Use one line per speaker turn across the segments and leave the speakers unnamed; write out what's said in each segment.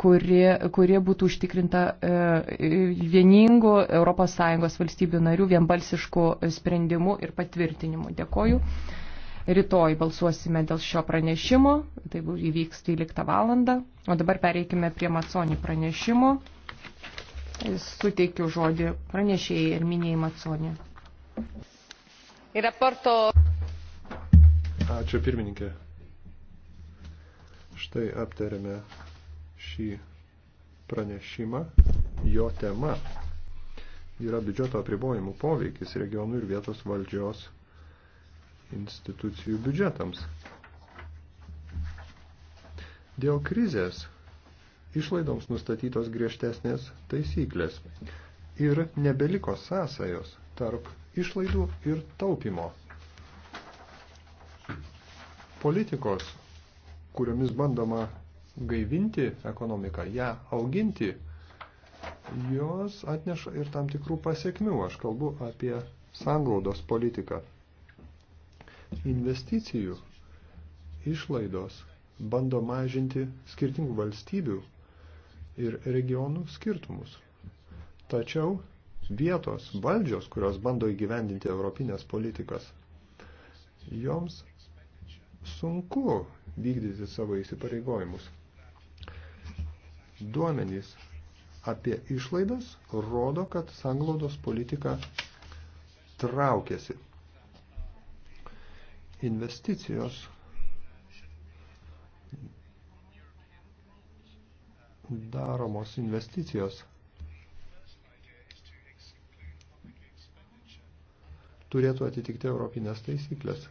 kuri, kuri būtų užtikrinta e, vieningų ES valstybių narių vienbalsiškų sprendimų ir patvirtinimų. Dėkoju. Rytoj balsuosime dėl šio pranešimo, tai įvyks 12 valandą. O dabar pereikime prie Matsonį pranešimo. Suteikiu žodį pranešėjai ir minėjai Matsonį.
Ačiū pirmininkė. Štai aptarėme šį pranešimą. Jo tema yra biudžeto apribojimų poveikis regionų ir vietos valdžios institucijų biudžetams. Dėl krizės išlaidoms nustatytos griežtesnės taisyklės ir nebeliko sąsajos tarp išlaidų ir taupimo. Politikos kuriomis bandoma gaivinti ekonomiką, ją auginti, jos atneša ir tam tikrų pasiekmių. Aš kalbu apie sanglaudos politiką. Investicijų išlaidos bando mažinti skirtingų valstybių ir regionų skirtumus. Tačiau vietos valdžios, kurios bando įgyvendinti europinės politikas, joms sunku vykdyti savo įsipareigojimus. Duomenys apie išlaidas rodo, kad sanglaudos politika traukiasi. Investicijos daromos investicijos turėtų atitikti europinės taisyklės.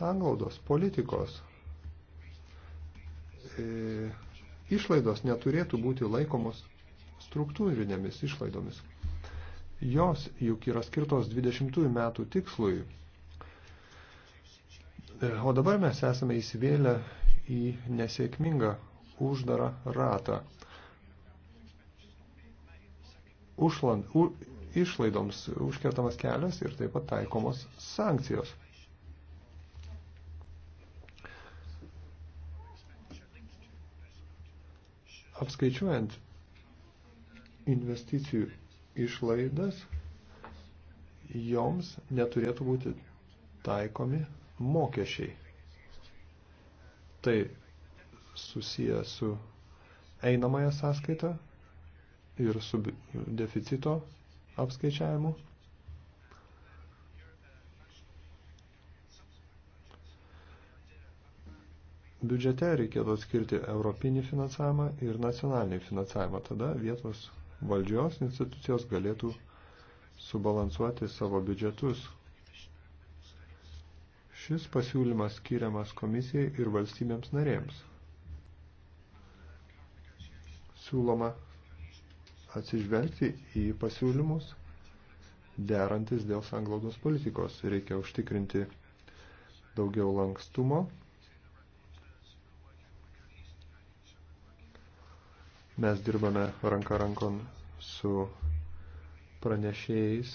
sanglaudos politikos e, išlaidos neturėtų būti laikomos struktūrinėmis išlaidomis. Jos juk yra skirtos 20 metų tikslui. E, o dabar mes esame įsivėlę į nesėkmingą uždarą ratą. Užland, u, išlaidoms užkertamas kelias ir taip pat taikomos sankcijos. apskaičiuojant investicijų išlaidas, joms neturėtų būti taikomi mokesčiai. Tai susiję su einamąją sąskaitą ir su deficito apskaičiavimu. biudžete reikėtų atskirti europinį finansavimą ir nacionalinį finansavimą. Tada vietos valdžios institucijos galėtų subalansuoti savo biudžetus. Šis pasiūlymas skiriamas komisijai ir valstybėms narėms. Siūloma atsižvelgti į pasiūlymus, derantis dėl sanglaudos politikos. Reikia užtikrinti daugiau lankstumo Mes dirbame ranka rankon su pranešėjais,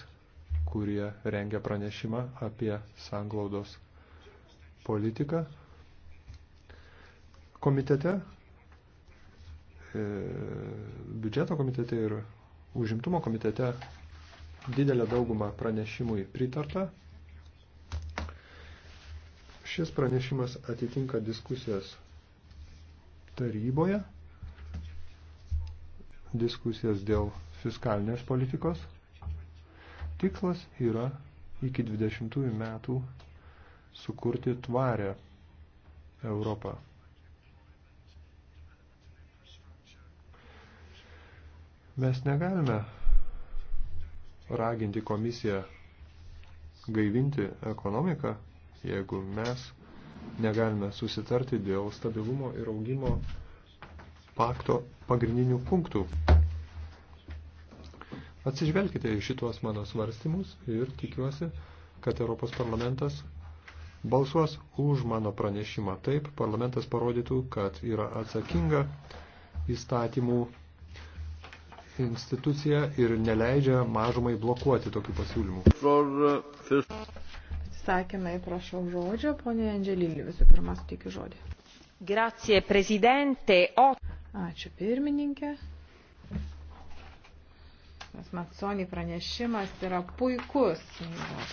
kurie rengia pranešimą apie sanglaudos politiką komitete, e, biudžeto komitete ir užimtumo komitete didelę daugumą pranešimui pritarta. Šis pranešimas atitinka diskusijas taryboje diskusijas dėl fiskalinės politikos. Tikslas yra iki 20 metų sukurti tvarę Europą. Mes negalime raginti komisiją gaivinti ekonomiką, jeigu mes negalime susitarti dėl stabilumo ir augimo pakto pagrindinių punktų. Atsižvelkite į šituos mano svarstymus ir tikiuosi, kad Europos parlamentas balsuos už mano pranešimą. Taip, parlamentas parodytų, kad yra atsakinga įstatymų institucija ir neleidžia mažumai blokuoti tokių pasiūlymų. Uh,
Sakymai, prašau žodžio, ponė Andželilį visų pirma suteikiu žodį. Grazie, prezidente. O... Ačiū pirmininkė. Nes Matsonį pranešimas yra puikus.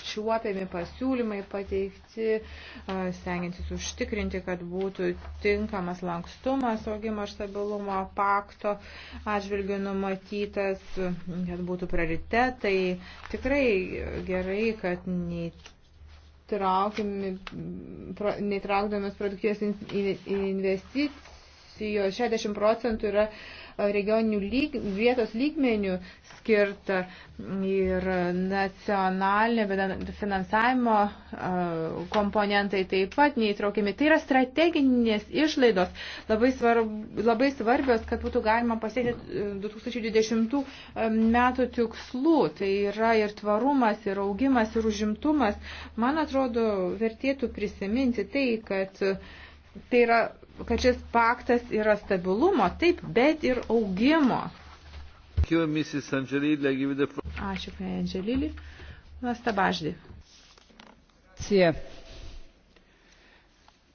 Čiuopiami pasiūlymai pateikti, stengiantis užtikrinti, kad būtų tinkamas lankstumas augimo ir stabilumo pakto atžvilgių numatytas, kad būtų prioritetai. Tikrai gerai, kad nei neįtraukdamas produktyvės investicijas subsidijos 60 procentų yra e, regioninių lyg, vietos lygmenių skirta ir nacionalinė finansavimo e, komponentai taip pat neįtraukiami. Tai yra strateginės išlaidos labai, svarb, labai svarbios, kad būtų galima pasiekti 2020 e, metų tikslų. Tai yra ir tvarumas, ir augimas, ir užimtumas. Man atrodo, vertėtų prisiminti tai, kad tai yra kad šis paktas yra stabilumo, taip, bet ir augimo. Ačiū, prie Angelilį. Nastabaždį.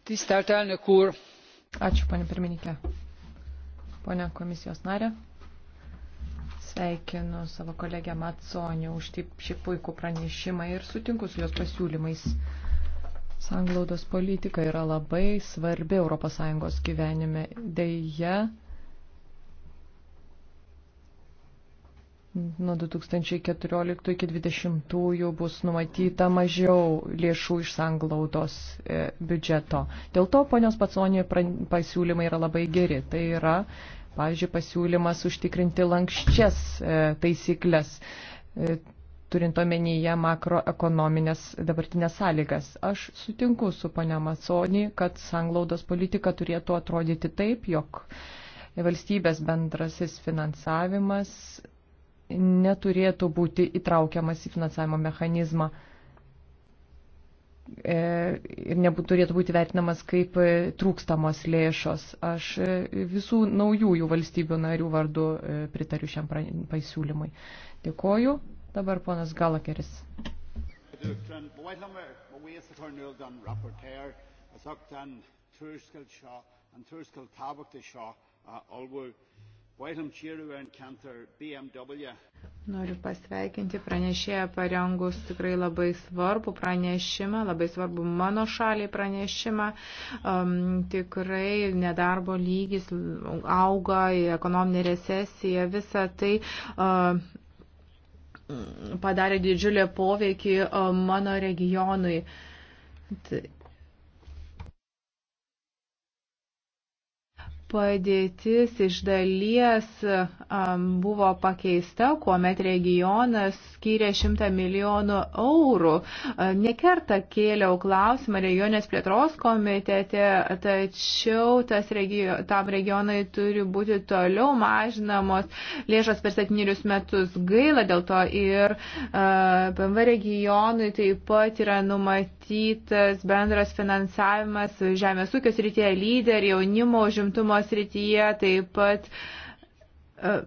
Tisztelt elnök úr! Ačiū, ponė pirmininkė. Pone komisijos narė, sveikinu savo kolegę Matsonį už šį puikų pranešimą ir sutinku su jos pasiūlymais. Sanglaudos politika yra labai svarbi ES gyvenime. Deja, nuo 2014 iki 2020 bus numatyta mažiau lėšų iš sanglaudos e, biudžeto. Dėl to ponios Patsonė pasiūlymai yra labai geri. Tai yra, pavyzdžiui, pasiūlymas užtikrinti lankščias e, taisyklės e, turint omenyje makroekonominės dabartinės sąlygas. Aš sutinku su ponia Maconi, kad sanglaudos politika turėtų atrodyti taip, jog valstybės bendrasis finansavimas neturėtų būti įtraukiamas į finansavimo mechanizmą e, ir neturėtų būti vertinamas kaip e, trūkstamos lėšos. Aš e, visų naujųjų valstybių narių vardu pritariu šiam pasiūlymui. Dėkoju. Dabar ponas Galakeris.
Noriu pasveikinti pranešėją parengus tikrai labai svarbų pranešimą, labai svarbų mano šaliai pranešimą. Um, tikrai nedarbo lygis auga, ekonominė recesija, visa tai. Uh, um, padarė didžiulį poveikį e, mano regionui. padėtis iš dalies um, buvo pakeista, kuomet regionas skyrė 100 milijonų eurų. Nekerta kėliau klausimą regionės plėtros komitete, tačiau regio, tam regionai turi būti toliau mažinamos lėšos per septynerius metus. Gaila dėl to ir uh, PMV regionui taip pat yra numatytas bendras finansavimas žemės ūkio srityje lyderį jaunimo užimtumo saugumo srityje, taip pat e,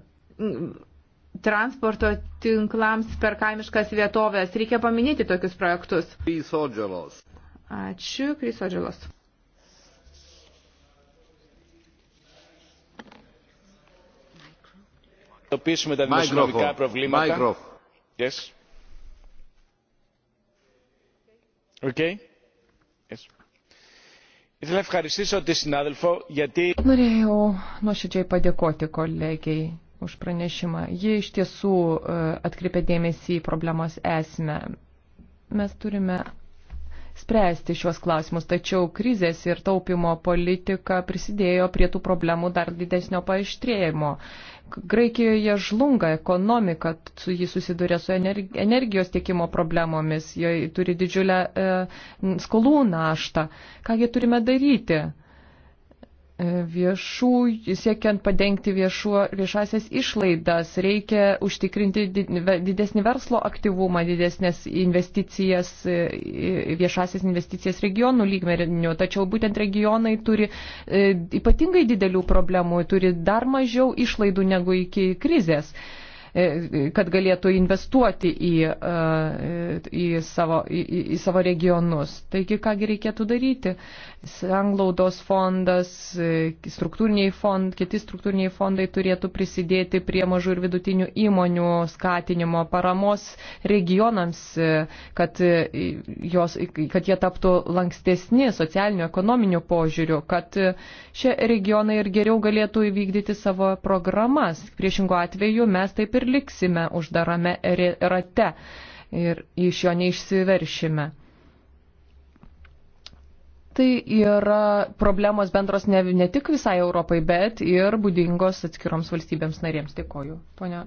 transporto tinklams per kaimiškas vietovės. Reikia paminėti tokius projektus. Krisodželos. Ačiū, Krisodželos. αντιμετωπίσουμε τα δημοσιονομικά προβλήματα. Micro. Yes. Okay. Yes. Norėjau
nuoširdžiai padėkoti kolegiai už pranešimą. Ji iš tiesų e, atkreipė dėmesį į problemos esmę. Mes turime spręsti šios klausimus, tačiau krizės ir taupimo politika prisidėjo prie tų problemų dar didesnio paaištrėjimo. Graikijoje žlunga ekonomika, su jį susiduria su energijos tiekimo problemomis, jie turi didžiulę e, skolų naštą. Kągi turime daryti? viešų, siekiant padengti viešu, viešasias išlaidas, reikia užtikrinti didesnį verslo aktyvumą, didesnės investicijas, e, e, viešasias investicijas regionų lygmenių. Tačiau būtent regionai turi e, ypatingai didelių problemų, turi dar mažiau išlaidų negu iki krizės. E, kad galėtų investuoti į, e, į, savo, į, į savo regionus. Taigi, kągi reikėtų daryti? Sanglaudos fondas, e, struktūriniai fond, kiti struktūriniai fondai turėtų prisidėti prie mažų ir vidutinių įmonių skatinimo paramos regionams, kad, jos, kad jie taptų lankstesni socialiniu, ekonominiu požiūriu, kad šie regionai ir geriau galėtų įvykdyti savo programas. Priešingo atveju mes taip ir ir liksime uždarame rate ir iš jo neišsiveršime. Tai yra problemos bendros ne, ne tik visai Europai, bet ir būdingos atskiroms valstybėms narėms. Dėkoju. Pone.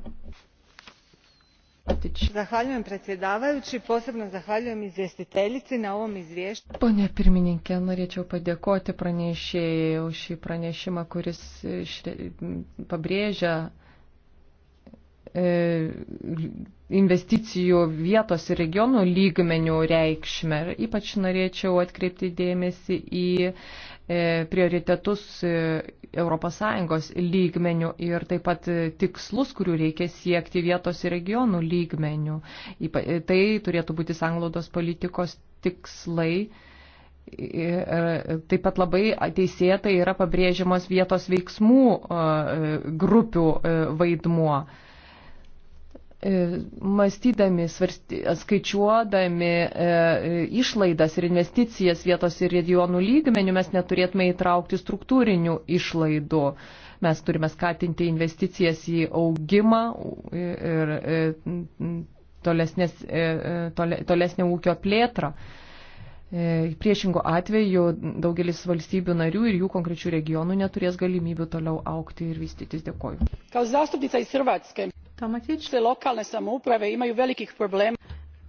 Zahvaljujem predsjedavajući, posebno zahvaljujem izvjestiteljici na ovom izvješću. Pone pirmininkė, norėčiau padėkoti pranešėjai už šį pranešimą, kuris šre, pabrėžia E, investicijų vietos ir regionų lygmenių reikšmę. Ir ypač norėčiau atkreipti dėmesį į e, prioritetus ES lygmenių ir taip pat tikslus, kurių reikia siekti vietos ir regionų lygmenių. E, tai turėtų būti sanglaudos politikos tikslai. Taip pat labai teisėtai yra pabrėžiamos vietos veiksmų grupių vaidmuo. E, mąstydami, skaičiuodami e, išlaidas ir investicijas vietos ir regionų lygmenių, mes neturėtume įtraukti struktūrinių išlaidų. Mes turime skatinti investicijas į augimą ir e, tolesnės, tole, tolesnę ūkio plėtrą. Priešingų atveju daugelis valstybių narių ir jų konkrečių regionų neturės galimybių toliau aukti ir vystytis.
Dėkoju lokalne samouprave imaju velikih problema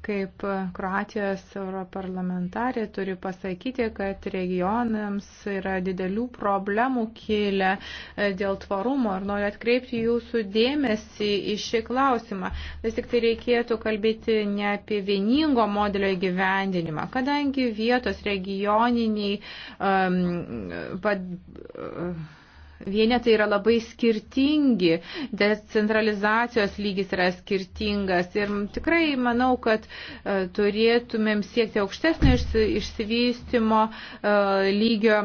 kaip e, Kroatijos europarlamentarė turi pasakyti, kad regionams yra didelių problemų kėlę e, dėl tvarumo ir noriu atkreipti jūsų dėmesį į šį klausimą. Vis tik tai reikėtų kalbėti ne apie vieningo modelio įgyvendinimą, kadangi vietos regioniniai um, pad, uh, vienetai yra labai skirtingi, decentralizacijos lygis yra skirtingas ir tikrai manau, kad e, turėtumėm siekti aukštesnio išsivystimo e, lygio e,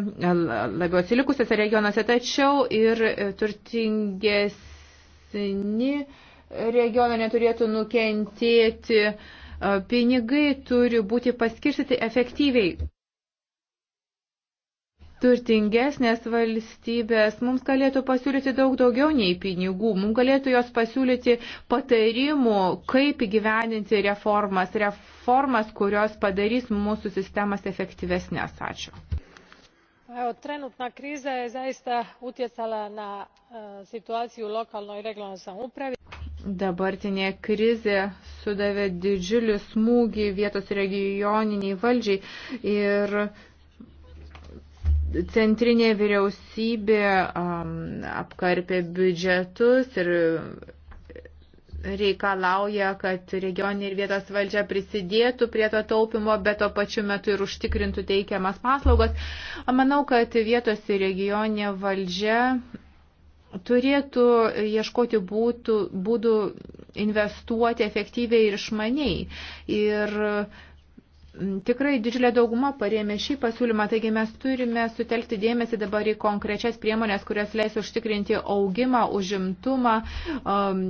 labiau atsilikusiuose regionuose, tačiau ir turtingesni regionai neturėtų nukentėti, pinigai turi būti paskirstyti efektyviai turtingesnės valstybės mums galėtų pasiūlyti daug daugiau nei pinigų, mums galėtų jos pasiūlyti patarimų, kaip įgyveninti reformas, reformas, kurios padarys mūsų sistemas efektyvesnės. Ačiū. Evo, trenutna kriza je zaista utjecala na e, situaciju u lokalnoj i regionalnoj samoupravi. Dabartinė krizė sudavė didžiulį smūgį vietos regioniniai valdžiai ir centrinė vyriausybė um, apkarpė biudžetus ir reikalauja, kad regioninė ir vietos valdžia prisidėtų prie to taupimo, bet to pačiu metu ir užtikrintų teikiamas paslaugas. Manau, kad vietos ir regioninė valdžia turėtų ieškoti būtų, būdų investuoti efektyviai ir išmaniai. Ir uh, Tikrai didžiulė dauguma parėmė šį pasiūlymą, taigi mes turime sutelkti dėmesį dabar į konkrečias priemonės, kurios leis užtikrinti augimą, užimtumą, um,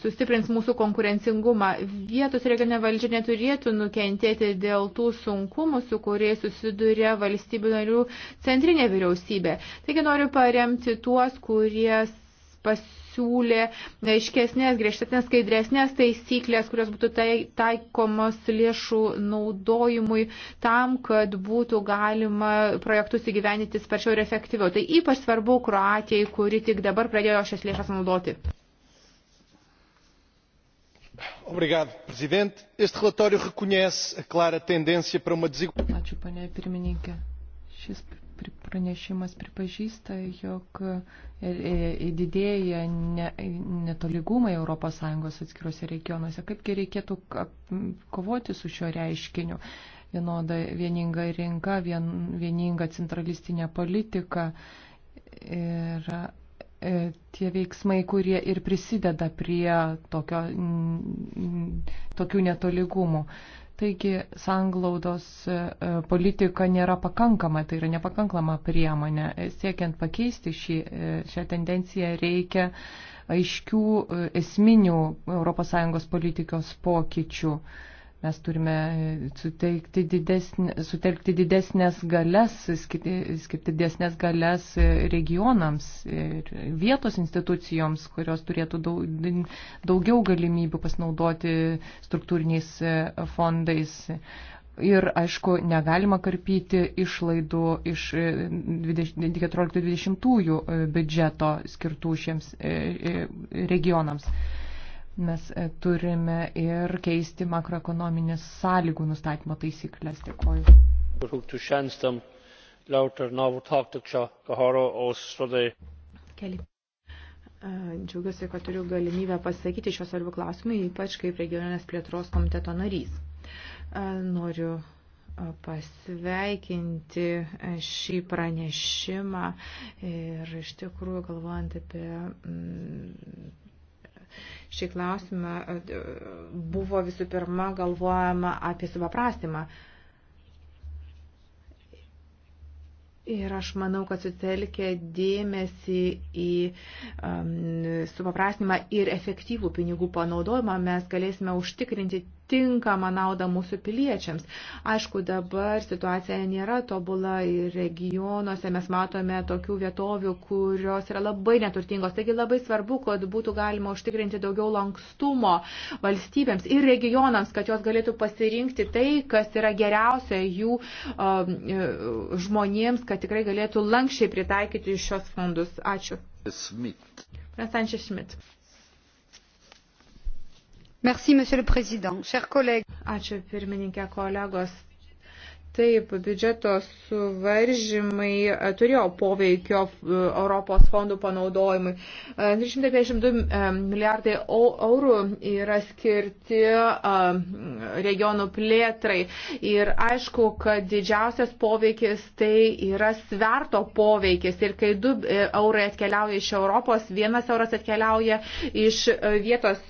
sustiprins mūsų konkurencingumą. Vietos regionė valdžia neturėtų nukentėti dėl tų sunkumų, su kuriais susiduria valstybių narių centrinė vyriausybė. Taigi noriu paremti tuos, kurie pasiūlė aiškesnės, griežtesnės, skaidresnės taisyklės, kurios būtų tai, taikomos lėšų naudojimui tam, kad būtų galima projektus įgyveninti sparčiau ir efektyviau. Tai ypač svarbu Kroatijai, kuri tik dabar pradėjo šias lėšas naudoti.
Obrigado, Presidente. Este relatório reconhece a clara tendência para uma desigualdade
pranešimas pripažįsta, jog e, e, didėja netolygumai ES atskiruose regionuose. Kaipgi reikėtų kovoti su šio reiškiniu? Vienoda vieninga rinka, vien, vieninga centralistinė politika ir e, tie veiksmai, kurie ir prisideda prie tokio, tokių netolygumų. Taigi sanglaudos e, politika nėra pakankama, tai yra nepakankama priemonė. Siekiant pakeisti šį, e, šią tendenciją reikia aiškių e, esminių ES politikos pokyčių. Mes turime e, suteikti didesnį, sutelkti didesnės galės, skirti, skirti didesnės galės e, regionams ir vietos institucijoms, kurios turėtų daug, daugiau galimybių pasinaudoti struktūriniais e, fondais. Ir, aišku, negalima karpyti išlaidų iš 14-20 biudžeto skirtų šiems regionams mes e, turime ir keisti makroekonominės sąlygų nustatymo taisyklės. Dėkuoju.
Keli. Džiaugiuosi, kad turiu galimybę pasakyti šios svarbių klausimų, ypač kaip regioninės plėtros komiteto narys. Noriu pasveikinti šį pranešimą ir iš tikrųjų galvojant apie šį klausimą e, buvo visų pirma galvojama apie supaprastymą. Ir aš manau, kad sutelkia dėmesį į um, supaprastinimą ir efektyvų pinigų panaudojimą mes galėsime užtikrinti tinkamą naudą mūsų piliečiams. Aišku, dabar situacija nėra tobula ir regionuose mes matome tokių vietovių, kurios yra labai neturtingos. Taigi labai svarbu, kad būtų galima užtikrinti daugiau lankstumo valstybėms ir regionams, kad jos galėtų pasirinkti tai, kas yra geriausia jų um, žmonėms, kad tikrai galėtų lankščiai pritaikyti šios fondus. Ačiū.
Smith.
Prasančia Schmidt. Merci, Ačiū pirmininkė kolegos. Taip, biudžeto suvaržymai e, turėjo poveikio e, Europos fondų panaudojimui. 352 e, milijardai eurų yra skirti regionų plėtrai. Ir aišku, kad didžiausias poveikis tai yra sverto poveikis. Ir kai 2 eurai atkeliauja iš Europos, 1 euras atkeliauja iš vietos,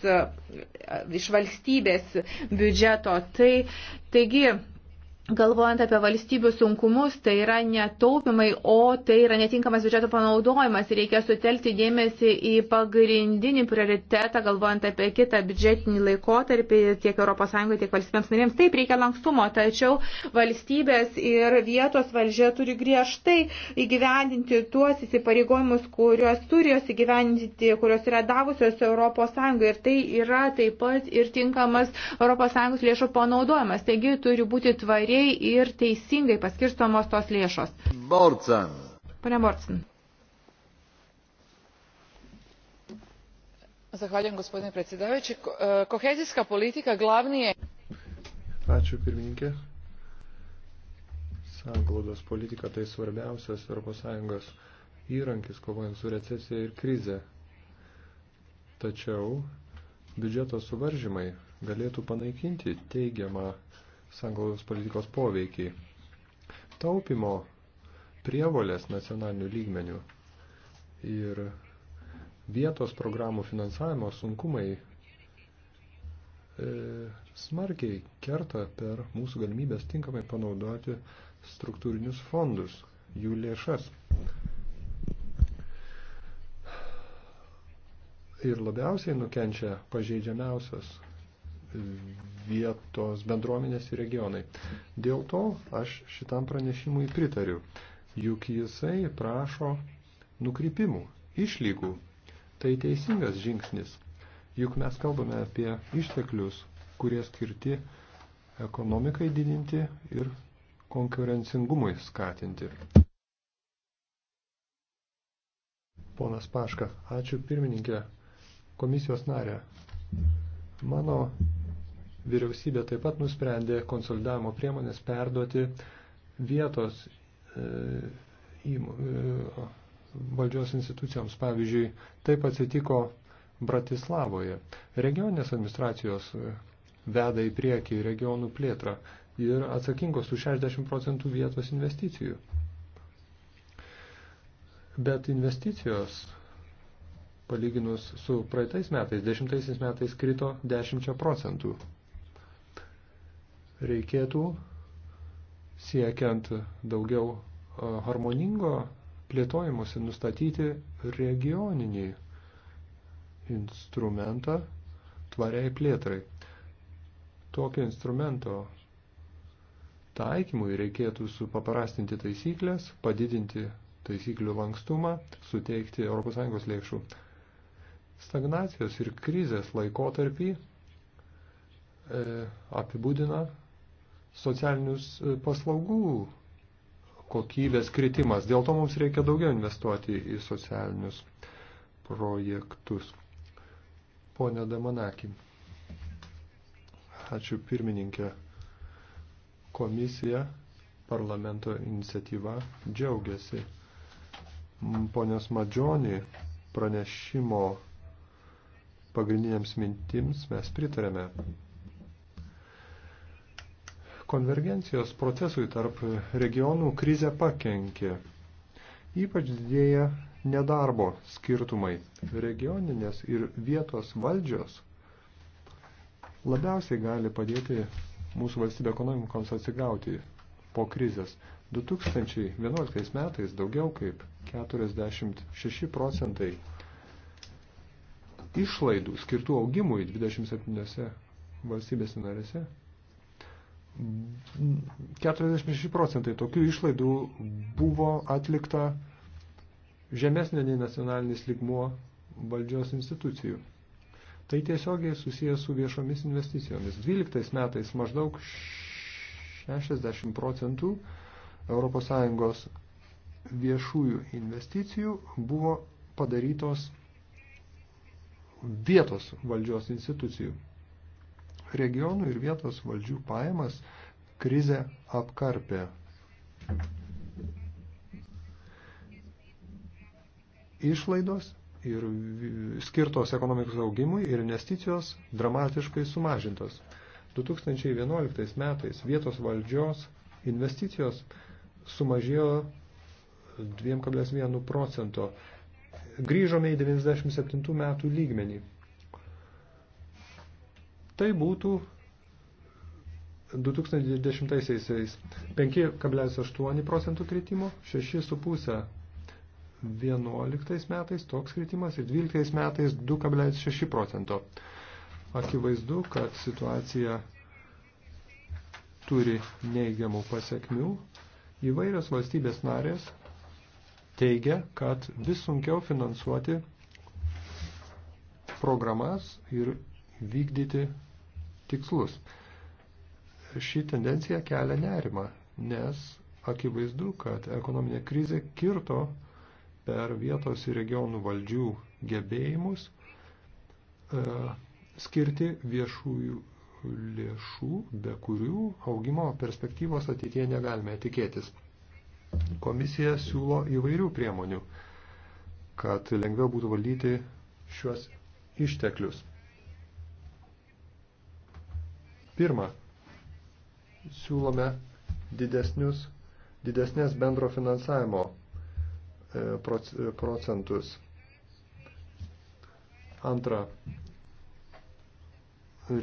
iš valstybės biudžeto. Tai, taigi, galvojant apie valstybių sunkumus, tai yra netaupimai, o tai yra netinkamas biudžeto panaudojimas. Reikia sutelkti dėmesį į pagrindinį prioritetą, galvojant apie kitą biudžetinį laikotarpį tiek ES, tiek valstybėms narėms. Taip reikia lankstumo, tačiau valstybės ir vietos valdžia turi griežtai įgyvendinti tuos įsipareigojimus, kuriuos turi jos įgyvendinti, kuriuos yra davusios ES. Ir tai yra taip pat ir tinkamas ES lėšų panaudojimas. Taigi turi būti tvari aiškiai ir teisingai paskirstomos tos lėšos. Bortsan. Pane Bortsan.
Zahvaljujem, gospodine predsjedavajući. E, kohezijska politika glavni je...
Ačiū, pirmininkė. Sanglaudos politika tai svarbiausias ES įrankis kovojant su recesija ir krize. Tačiau biudžeto suvaržymai galėtų panaikinti teigiamą sanglaudos politikos poveikį. Taupimo prievolės nacionalinių lygmenių ir vietos programų finansavimo sunkumai e, smarkiai kerta per mūsų galimybės tinkamai panaudoti struktūrinius fondus, jų lėšas. Ir labiausiai nukenčia pažeidžiamiausios vietos bendruomenės ir regionai. Dėl to aš šitam pranešimui pritariu, juk jisai prašo nukrypimų, išlygų. Tai teisingas žingsnis, juk mes kalbame apie išteklius, kurie skirti ekonomikai didinti ir konkurencingumui skatinti. Ponas Paška, ačiū pirmininkė, komisijos narė. Mano Vyriausybė taip pat nusprendė konsolidavimo priemonės perduoti vietos e, e, valdžios institucijoms. Pavyzdžiui, taip atsitiko Bratislavoje. Regioninės administracijos e, veda į priekį regionų plėtrą ir atsakingos už 60 procentų vietos investicijų. Bet investicijos, palyginus su praeitais metais, dešimtaisiais metais, krito 10 procentų reikėtų siekiant daugiau harmoningo plėtojimuose nustatyti regioninį instrumentą tvariai plėtrai. Tokio instrumento taikymui reikėtų supaprastinti taisyklės, padidinti taisyklių lankstumą, suteikti ES lėšų. Stagnacijos ir krizės laikotarpį e, apibūdina socialinius e, paslaugų kokybės kritimas. Dėl to mums reikia daugiau investuoti į socialinius projektus. Pone Damanakį. Ačiū pirmininkė. Komisija parlamento iniciatyva džiaugiasi. Ponios Madžionį pranešimo pagrindiniams mintims mes pritarėme. Konvergencijos procesui tarp regionų krize pakenkė. Ypač didėja nedarbo skirtumai. Regioninės ir vietos valdžios labiausiai gali padėti mūsų valstybė ekonomikoms atsigauti po krizės. 2011 metais daugiau kaip 46 procentai išlaidų skirtų augimui 27 valstybėse narėse 46 procentai tokių išlaidų buvo atlikta žemesnė nei nacionalinis ligmuo valdžios institucijų. Tai tiesiogiai susijęs su viešomis investicijomis. 12 metais maždaug 60 procentų ES viešųjų investicijų buvo padarytos vietos valdžios institucijų regionų ir vietos valdžių pajamas krize apkarpė. Išlaidos ir skirtos ekonomikos augimui ir investicijos dramatiškai sumažintos. 2011 metais vietos valdžios investicijos sumažėjo 2,1 procento. Grįžome į 97 metų lygmenį. Tai būtų 2010-aisiais 5,8 procentų kritimo, 6,5 11 metais toks kritimas ir 12 metais 2,6 procento. Akivaizdu, kad situacija turi neigiamų pasiekmių. Įvairios valstybės narės teigia, kad vis sunkiau finansuoti programas ir vykdyti tikslus. Ši tendencija kelia nerimą, nes akivaizdu, kad ekonominė krizė kirto per vietos ir regionų valdžių gebėjimus e, skirti viešųjų lėšų, be kurių augimo perspektyvos ateitie negalime tikėtis. Komisija siūlo įvairių priemonių, kad lengviau būtų valdyti šiuos išteklius. Pirma, siūlome didesnius, didesnės bendro finansavimo e, e, procentus. Antra,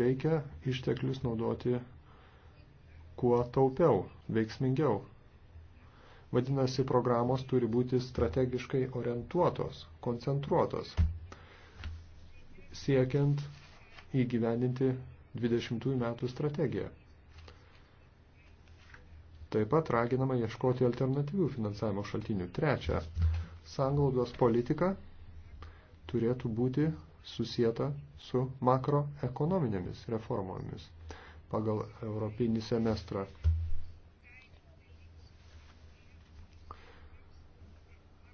reikia išteklius naudoti kuo taupiau, veiksmingiau. Vadinasi, programos turi būti strategiškai orientuotos, koncentruotos, siekiant įgyveninti 20 metų strategiją. Taip pat raginama ieškoti alternatyvių finansavimo šaltinių. Trečia, sanglaudos politika turėtų būti susieta su makroekonominėmis reformomis pagal europinį semestrą.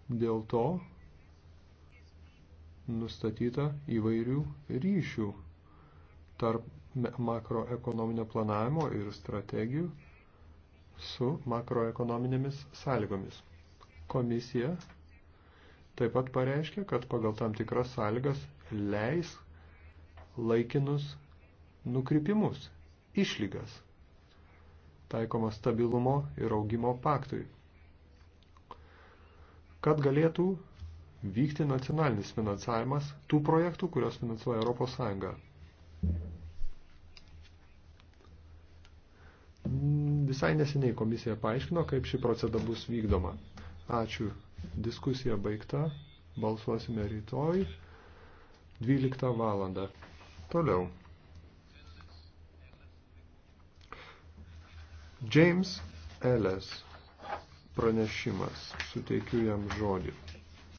Dėl to nustatyta įvairių ryšių tarp makroekonominio planavimo ir strategijų su makroekonominėmis sąlygomis. Komisija taip pat pareiškia, kad pagal tam tikras sąlygas leis laikinus nukrypimus, išlygas, taikoma stabilumo ir augimo paktui, kad galėtų vykti nacionalinis finansavimas tų projektų, kurios finansuoja Europos Sąjunga. Mm, visai neseniai komisija paaiškino, kaip ši proceda bus vykdoma. Ačiū. Diskusija baigta. Balsuosime rytoj 12 valandą. Toliau. James Ellis pranešimas. Suteikiu jam žodį.